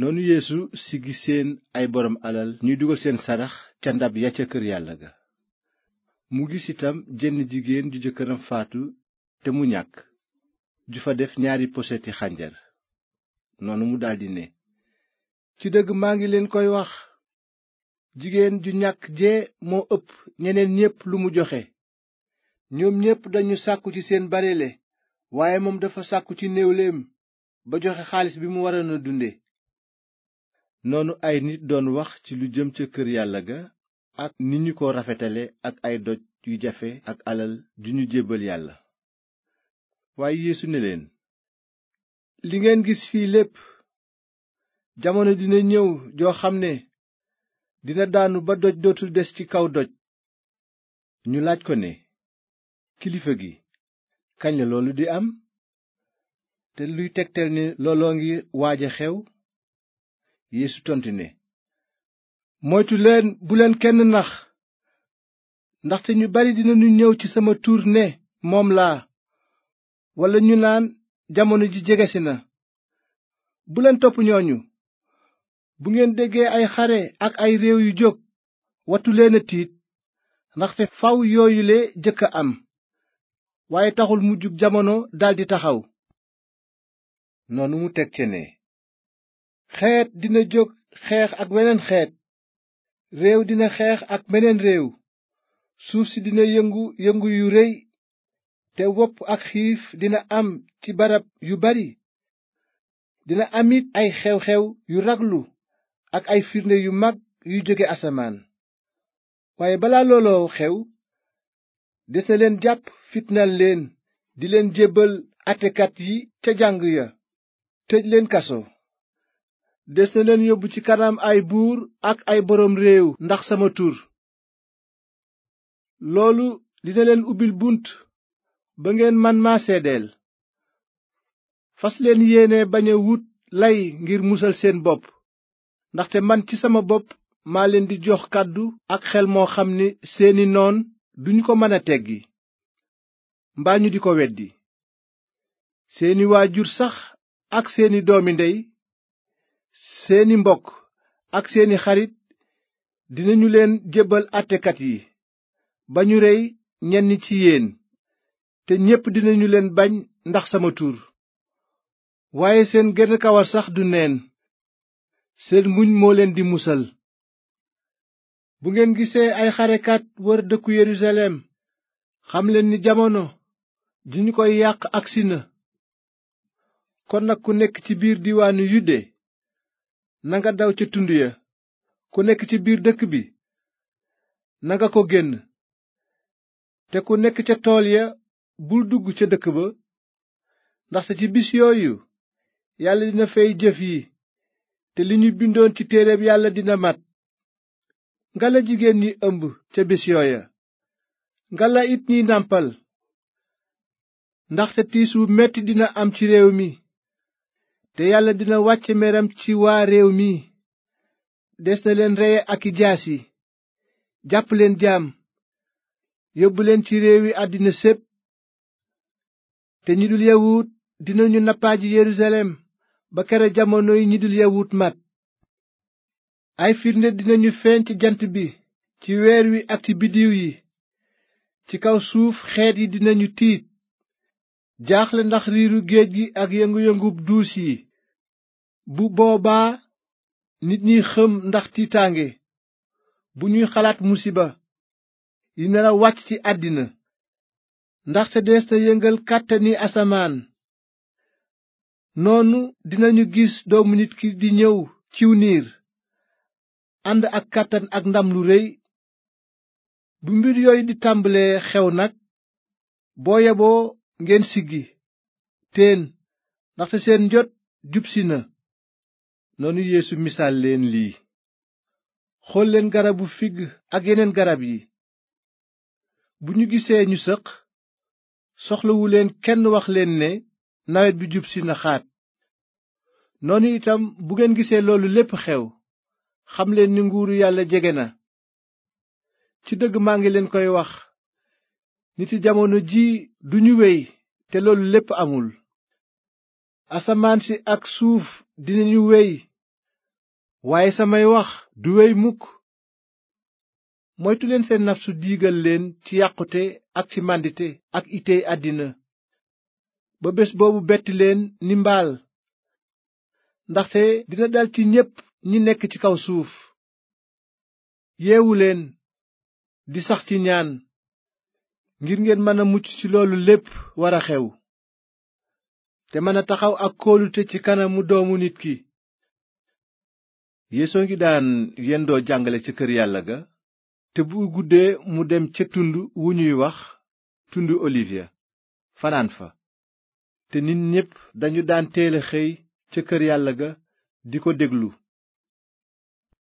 noonu yeesu siggi seen ay boroom alal ñuy dugal seen sarax ca ndab ya ca kër yàlla ga mu gis itam jenn jigéen ju jëkkëram faatu te mu ñàkk ju fa def ñaari poseti xànjar noonu mu daldi ne ci dëgg maa ngi leen koy wax jigéen ju ñàkk jee moo ëpp ñeneen ñépp lu mu joxe ñoom ñépp dañu sàkku ci seen barele waaye moom dafa sàkku ci néew néewleem ba joxe xaalis bi mu waroon a dunde noonu ay nit doon wax ci lu jëm ca kër yàlla ga ak ni ñu ko rafetale ak ay doj yu jafe ak alal ju ñu jébbal yàlla waaye yeesu ne leen li ngeen gis fii lépp jamono dina ñëw joo xam ne dina daanu ba doj dootul des ci kaw doj ñu laaj ko ne kilifa gi kañ la loolu di am te luy tegtal ne looloo ngi waaj a xew yéesu tontu ne moytu leen kenn nax ndaxte ñu bari ñu ñëw ci sama tur ne moom laa walla ñu naan jamono ji jegesi na bu leen topp ñooñu bu ngeen déggee ay xare ak ay réew yu jóg wattu leen tiit ndaxte faw yooyule jëkk a am waaye taxul mujjug jamono daldi taxaw noonu mu teg ne xeet dina jóg xeex ak weneen xeet réew dina xeex ak meneen réew suuf si dina yëngu yëngu yu rëy te wopp ak xiif dina am ci barab yu bari dina amit ay xew-xew yu raglu ak ay firnde yu mag yu jóge asamaan waaye balaa looloo xew des na leen jàpp fitnal leen di leen jébbal atekat yi ca jàng ya tëj leen kaso des leen yóbbu ci kanam ay buur ak ay boroom réew ndax sama tur loolu dina leen ubbil bunt ba ngeen man maa seedeel fasleen leen yéene bañ a wut lay ngir musal seen bopp ndaxte man ci sama bopp maa leen di jox kàddu ak xel moo xam ni seeni noon duñu ko mën a teggi mbaa ñu di ko weddi seeni waajur sax ak seeni doomi ndey seeni mbokk ak seeni xarit dinañu leen jébbal àttekat yi ba ñu rey ñenn ci yéen te ñépp dinañu leen bañ ndax sama tur waaye seen genn kawar sax du neen seen muñ moo leen di musal bu ngeen gisee ay xarekat wër dëkku Yerusalem xam leen ni jamono ji ñu koy yàq agsi na kon nag ku nekk ci biir diwaanu Yude nanga daw ca tund ya ku nekk ci biir dëkk bi nanga ko génn te ku nekk ca tool ya bul dugg ca dëkk ba ndaxte ci bis yooyu yàlla dina fay jëf yi te li ñu bindoon ci téereb yàlla dina mat ngala jigéen ñi ëmb ca ya yooya ngala it ñiy nàmpal ndaxte tiis wu metti dina am ci réew mi te yàlla dina wàcce meram ci waa réew mi des na leen reye ak i jaas yi jàpp leen jaam yóbbu leen ci réew yi àddina sépp te ñi dul yawut dinañu nappaaju Yerusalem ba kere jamono yi ñi dul yawut mat ay firnde dinañu feeñ ci jant bi ci weer wi ak ci biddiw yi ci kaw suuf xeet yi dinañu tiit jaaxle ndax riiru géej gi ak yëngu yëngu duus yi bu boobaa nit ñi xëm ndax tiitaange bu ñuy xalaat musiba yi nar a wàcc ci àddina ndaxte dees na yëngal kàttani asamaan noonu dinañu gis doomu nit ki di ñëw ciw niir ànd ak kàttan ak ndam lu rëy bu mbir yooyu di tàmbalee xew nag boo yeboo ngeen siggi téen ndaxte seen jot jubsi na noonu Yeesu misaal leen lii xool garabu figg ak yeneen garab yi bu ñu gisee ñu sëq soxlawuleen kenn wax leen ne nawet bi jub si na xaat noonu itam bu ngeen gisee loolu lépp xew xam leen ni nguuru yàlla jege na ci dëgg maa ngi leen koy wax niti jamono ji duñu wey te loolu lépp amul asamaan si ak suuf dinañu wey waaye samay wax du wey mukk moytuleen seen nafsu diigal leen ci yàqute ak ci màndite ak itey àddina ba bés boobu betti leen ni mbaal ndaxte dina dal ci ñépp ñi nekk ci kaw suuf yeewu leen di sax ci ñaan ngir ngeen mën a mucc ci loolu lépp war a xew te mën a taxaw ak kóolute ci kanamu doomu nit ki yéesoo ngi daan yendoo jàngale ca kër yàlla ga te bu guddee mu dem ca tund wu ñuy wax tund olivier fanaan fa te nit ñépp dañu daan teel a xëy ca kër yàlla ga di ko déglu